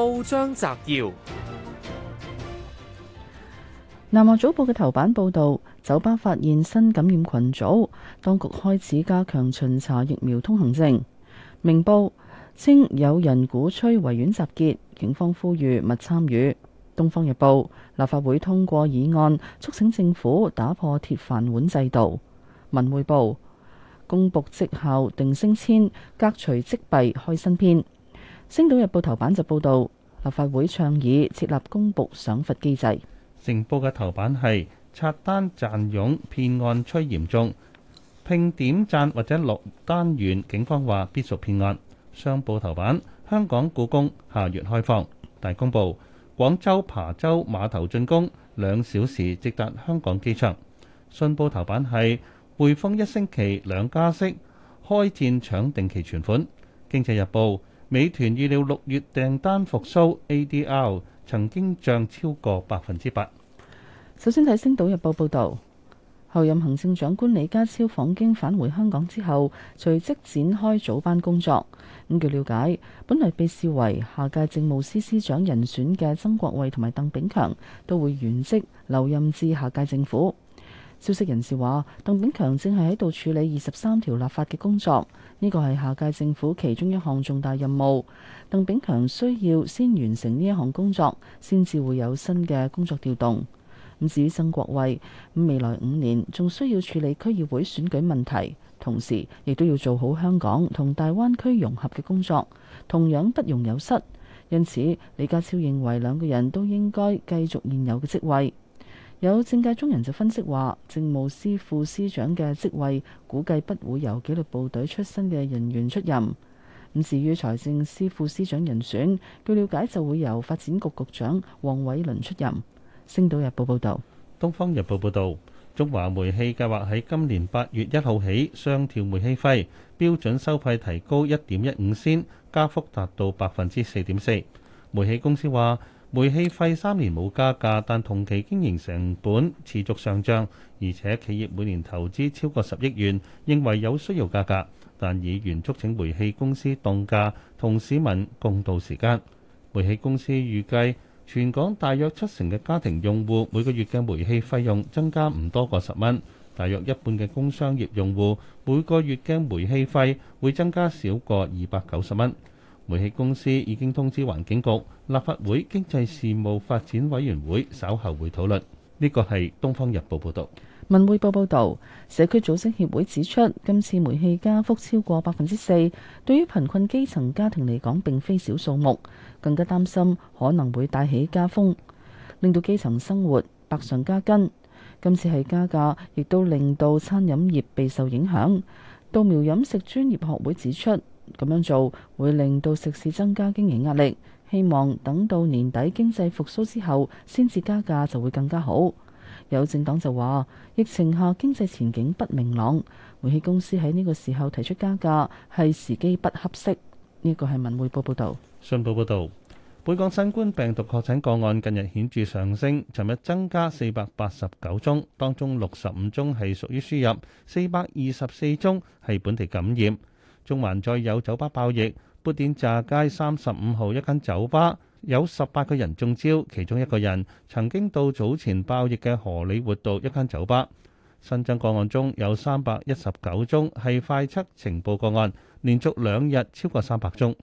報章摘要：南華早報嘅頭版報道，酒吧發現新感染群組，當局開始加強巡查疫苗通行證。明報稱有人鼓吹維園集結，警方呼籲勿參與。東方日報立法會通過議案，促請政府打破鐵飯碗制度。文匯報公布績效定升遷，革除積弊開新篇。星島日報頭版就報道。立法會倡議設立公佈賞罰機制。成報嘅頭版係拆單賺傭騙案趨嚴重，拼點贊或者落單員，警方話必屬騙案。商報頭版：香港故宮下月開放。大公報：廣州琶洲碼頭進攻，兩小時直達香港機場。信報頭版係匯豐一星期兩加息，開戰搶定期存款。經濟日報。美團預料六月訂單復甦，ADR 曾經漲超過百分之八。首先睇《星島日報》報導，候任行政長官李家超訪京返回香港之後，隨即展開組班工作。咁、嗯、據了解，本來被視為下屆政務司司長人選嘅曾國衛同埋鄧炳強都會原職留任至下屆政府。消息人士話：鄧炳強正係喺度處理二十三條立法嘅工作，呢個係下屆政府其中一項重大任務。鄧炳強需要先完成呢一項工作，先至會有新嘅工作調動。咁至於曾國衞，未來五年仲需要處理區議會選舉問題，同時亦都要做好香港同大灣區融合嘅工作，同樣不容有失。因此，李家超認為兩個人都應該繼續現有嘅職位。有政界中人就分析話，政務司副司長嘅職位估計不會由紀律部隊出身嘅人員出任。咁至於財政司副司長人選，據了解就會由發展局局長王偉麟出任。星島日報報道：「東方日報報道，中華煤氣計劃喺今年八月一號起雙跳煤氣費，標準收費提高一點一五仙，加幅達到百分之四點四。煤氣公司話，煤氣費三年冇加價，但同期經營成本持續上漲，而且企業每年投資超過十億元，認為有需要加價。但議員促請煤氣公司凍價，同市民共度時間。煤氣公司預計全港大約七成嘅家庭用戶每個月嘅煤氣費用增加唔多過十蚊，大約一半嘅工商業用戶每個月嘅煤氣費會增加少過二百九十蚊。煤氣公司已經通知環境局、立法會經濟事務發展委員會，稍後會討論。呢個係《東方日報》報導，《文匯報》報導，社區組織協會指出，今次煤氣加幅超過百分之四，對於貧困基層家庭嚟講並非小數目，更加擔心可能會帶起加風，令到基層生活百上加斤。今次係加價，亦都令到餐飲業備受影響。稻苗飲食專業學會指出。咁樣做會令到食肆增加經營壓力，希望等到年底經濟復甦之後先至加價就會更加好。有政黨就話，疫情下經濟前景不明朗，煤氣公司喺呢個時候提出加價係時機不合適。呢個係文匯報報道。信報報道，本港新冠病毒確診個案近日顯著上升，尋日增加四百八十九宗，當中六十五宗係屬於輸入，四百二十四宗係本地感染。中環再有酒吧爆疫，砵甸乍街三十五號一間酒吧有十八個人中招，其中一個人曾經到早前爆疫嘅荷里活道一間酒吧。新增個案中有三百一十九宗係快測呈報個案，連續兩日超過三百宗，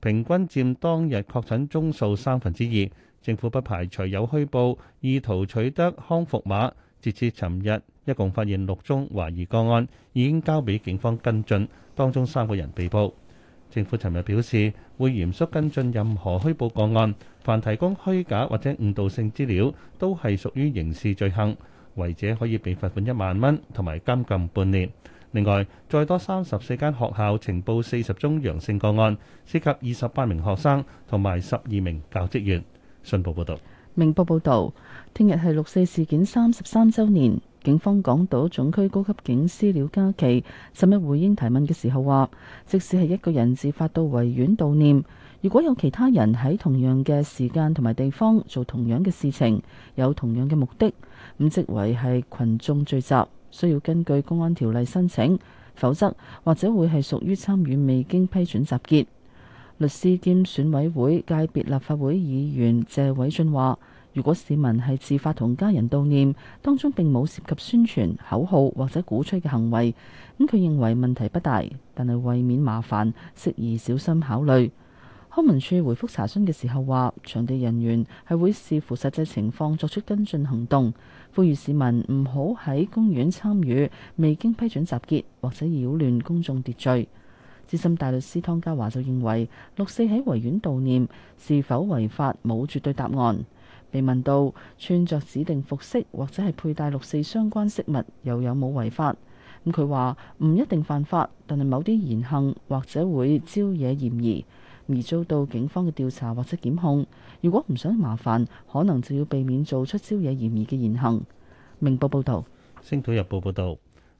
平均佔當日確診宗數三分之二。3, 政府不排除有虛報，意圖取得康復碼。截至尋日，一共發現六宗懷疑個案，已經交俾警方跟進，當中三個人被捕。政府尋日表示，會嚴肅跟進任何虛報個案，凡提供虛假或者誤導性資料，都係屬於刑事罪行，違者可以被罰款一萬蚊，同埋監禁半年。另外，再多三十四間學校呈報四十宗陽性個案，涉及二十八名學生同埋十二名教職員。信報報道，明報報道。聽日係六四事件三十三週年，警方港島總區高級警司廖家琪尋日回應提問嘅時候話：即使係一個人自發到維園悼念，如果有其他人喺同樣嘅時間同埋地方做同樣嘅事情，有同樣嘅目的，咁即為係群眾聚集，需要根據公安條例申請，否則或者會係屬於參與未經批准集結。律師兼選委會界別立法會議員謝偉俊話。如果市民係自發同家人悼念，當中並冇涉及宣傳口號或者鼓吹嘅行為，咁佢認為問題不大，但係為免麻煩，適宜小心考慮。康文署回覆查詢嘅時候話，場地人員係會視乎實際情況作出跟進行動，呼籲市民唔好喺公園參與未經批准集結或者擾亂公眾秩序。資深大律師湯家驊就認為，六四喺維園悼念是否違法，冇絕對答案。被問到穿著指定服飾或者係佩戴六四相關飾物又有冇違法？咁佢話唔一定犯法，但係某啲言行或者會招惹嫌疑，而遭到警方嘅調查或者檢控。如果唔想麻煩，可能就要避免做出招惹嫌疑嘅言行。明報報道。《星島日報》報道，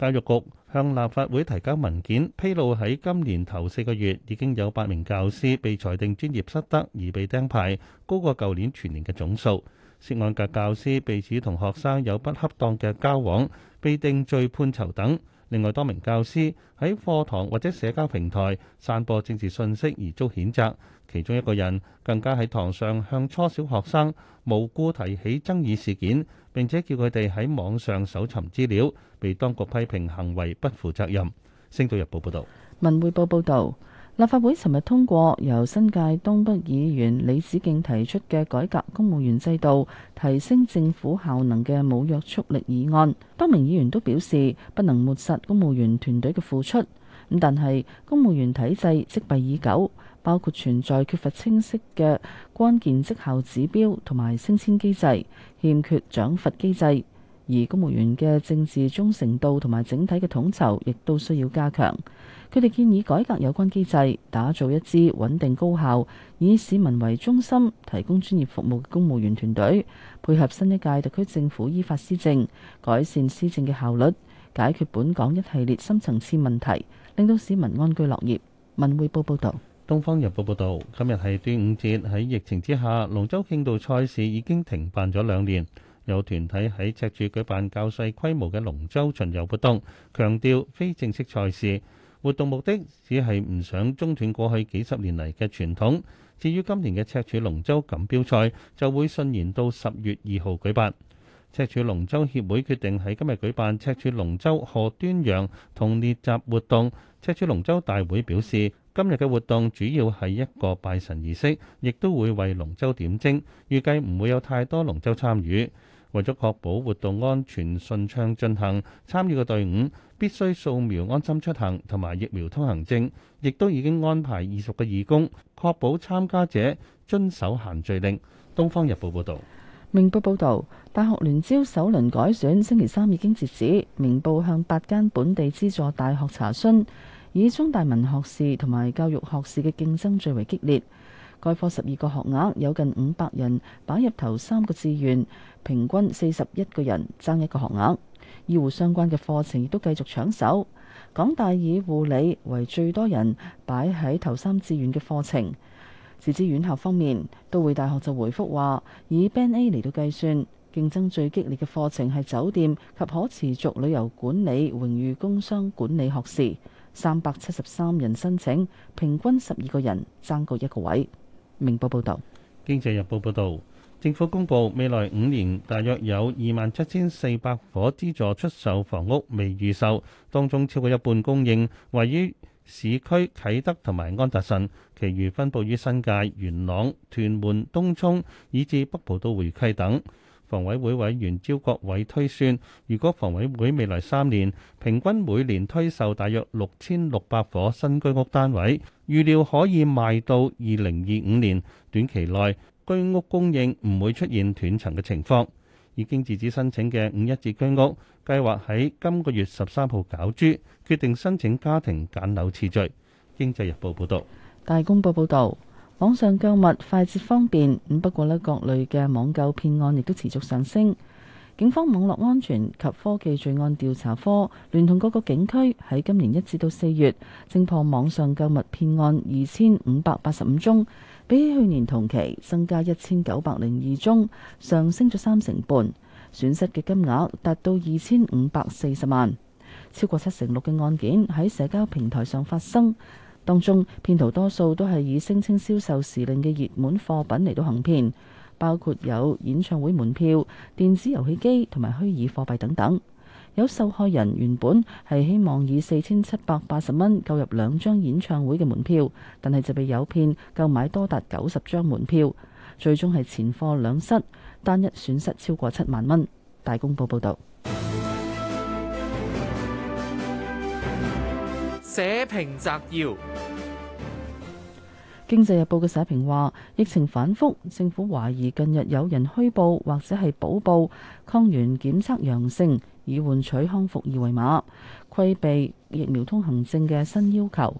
教育局，向立法會提交文件披露，喺今年頭四個月已經有八名教師被裁定專業失德而被釘牌，高過舊年全年嘅總數。涉案嘅教師被指同學生有不恰當嘅交往，被定罪判囚等。另外，多名教師喺課堂或者社交平台散播政治訊息而遭譴責，其中一個人更加喺堂上向初小學生無故提起爭議事件，並且叫佢哋喺網上搜尋資料，被當局批評行為不負責任。星島日報報道。文匯報報導。立法會尋日通過由新界東北議員李子敬提出嘅改革公務員制度、提升政府效能嘅冇約束力議案，多名議員都表示不能抹殺公務員團隊嘅付出。咁但係公務員體制積弊已久，包括存在缺乏清晰嘅關鍵績效指標同埋升遷機制，欠缺獎罰機制，而公務員嘅政治忠誠度同埋整體嘅統籌亦都需要加強。佢哋建議改革有關機制，打造一支穩定高效、以市民為中心提供專業服務嘅公務員團隊，配合新一屆特區政府依法施政，改善施政嘅效率，解決本港一系列深層次問題，令到市民安居樂業。文匯報報導，《東方日報》報導，今日係端午節，喺疫情之下，龍舟競渡賽事已經停辦咗兩年。有團體喺赤柱舉辦較細規模嘅龍舟巡遊活動，強調非正式賽事。活動目的只係唔想中斷過去幾十年嚟嘅傳統。至於今年嘅赤柱龍舟錦標賽，就會順延到十月二號舉辦。赤柱龍舟協會決定喺今日舉辦赤柱龍舟賀端陽同列集活動。赤柱龍舟大會表示，今日嘅活動主要係一個拜神儀式，亦都會為龍舟點睛。預計唔會有太多龍舟參與，為咗確保活動安全順暢進行，參與嘅隊伍，必須掃描安心出行同埋疫苗通行證，亦都已經安排二十個義工，確保參加者遵守限聚令。《東方日報》報道：「《明報》報道，大學聯招首輪改選星期三已經截止。明報向八間本地資助大學查詢，以中大文學士同埋教育學士嘅競爭最為激烈。該科十二個學額有近五百人擺入頭三個志願，平均四十一個人爭一個學額，醫護相關嘅課程亦都繼續搶手，港大以護理為最多人擺喺頭三志願嘅課程。自資院校方面，都會大學就回覆話，以 Band A 嚟到計算，競爭最激烈嘅課程係酒店及可持續旅遊管理榮譽工商管理學士，三百七十三人申請，平均十二個人爭過一個位。明報報道，經濟日報報道。政府公布，未來五年大約有二萬七千四百伙資助出售房屋未預售，當中超過一半供應位於市區啟德同埋安達臣，其餘分布於新界元朗、屯門、東涌，以至北部都會區等。房委會委員招國偉推算，如果房委會未來三年平均每年推售大約六千六百伙新居屋單位，預料可以賣到二零二五年，短期內。居屋供應唔會出現斷層嘅情況。已經自止申請嘅五一置居屋計劃喺今個月十三號攪珠，決定申請家庭揀樓次序。經濟日報報導。大公報報導，網上購物快捷方便，咁不過呢各類嘅網購騙案亦都持續上升。警方網絡安全及科技罪案調查科聯同各個警區喺今年一至到四月，偵破網上購物騙案二千五百八十五宗。比去年同期，增加一千九百零二宗，上升咗三成半，損失嘅金額達到二千五百四十萬，超過七成六嘅案件喺社交平台上發生，當中騙徒多數都係以聲稱銷售時令嘅熱門貨品嚟到行騙，包括有演唱會門票、電子遊戲機同埋虛擬貨幣等等。有受害人原本係希望以四千七百八十蚊購入兩張演唱會嘅門票，但係就被誘騙購買多達九十張門票，最終係錢貨兩失，單一損失超過七萬蚊。大公報報道。社評摘要：經濟日報嘅社評話，疫情反覆，政府懷疑近日有人虛報或者係補報抗原檢測陽性。以換取康復二維碼，規避疫苗通行證嘅新要求。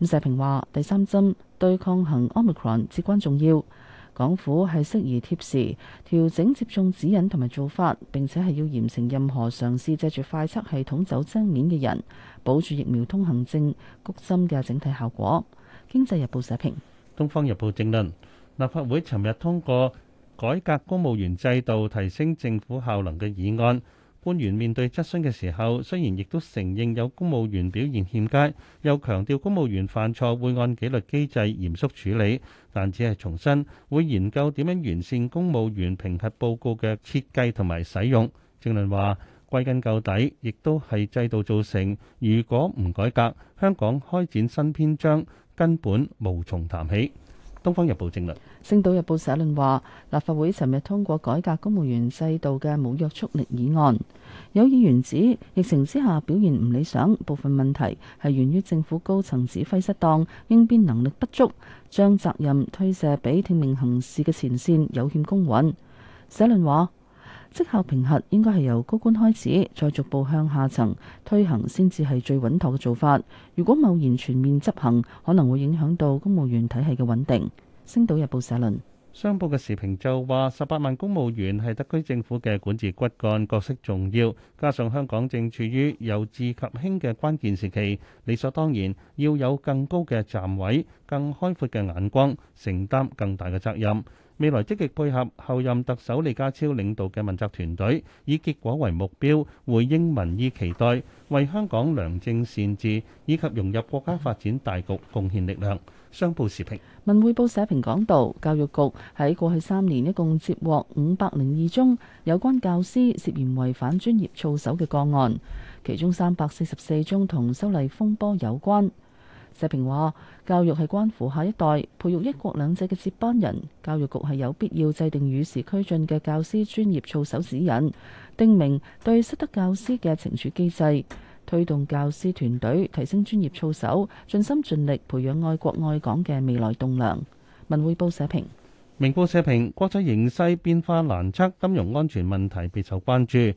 咁社評話：第三針對抗衡 Omicron，至關重要。港府係適宜貼士調整接種指引同埋做法，並且係要嚴懲任，任何嘗試借住快測系統走精面嘅人，保住疫苗通行證谷針嘅整體效果。經濟日報社評，《東方日報政論》政論立法會尋日通過改革公務員制度，提升政府效能嘅議案。官員面對質詢嘅時候，雖然亦都承認有公務員表現欠佳，又強調公務員犯錯會按紀律機制嚴肅處理，但只係重申會研究點樣完善公務員評核報告嘅設計同埋使用。政論話：歸根究底，亦都係制度造成。如果唔改革，香港開展新篇章根本無從談起。《東方日報》政論，《星島日報》社論話：立法會尋日通過改革公務員制度嘅冇約束力議案，有議員指疫情之下表現唔理想，部分問題係源於政府高層指揮失當、應變能力不足，將責任推卸俾聽命行事嘅前線，有欠公允。社論話。績效評核應該係由高官開始，再逐步向下層推行，先至係最穩妥嘅做法。如果貿然全面執行，可能會影響到公務員體系嘅穩定。星島日報社論，商報嘅時評就話：十八萬公務員係特區政府嘅管治骨幹，角色重要。加上香港正處於由治及興嘅關鍵時期，理所當然要有更高嘅站位、更開闊嘅眼光，承擔更大嘅責任。未來積極配合後任特首李家超領導嘅問責團隊，以結果為目標，回應民意期待，為香港良政善治以及融入國家發展大局貢獻力量。商報時評，文匯報社評講道：教育局喺過去三年一共接獲五百零二宗有關教師涉嫌違反專業操守嘅個案，其中三百四十四宗同修例風波有關。社評話：教育係關乎下一代，培育一國兩制嘅接班人。教育局係有必要制定與時俱進嘅教師專業操守指引，定明對失德教師嘅懲處機制，推動教師團隊提升專業操守，盡心盡力培養愛國愛港嘅未來棟樑。文匯報社評，明報社評，國際形勢變化難測，金融安全問題備受關注。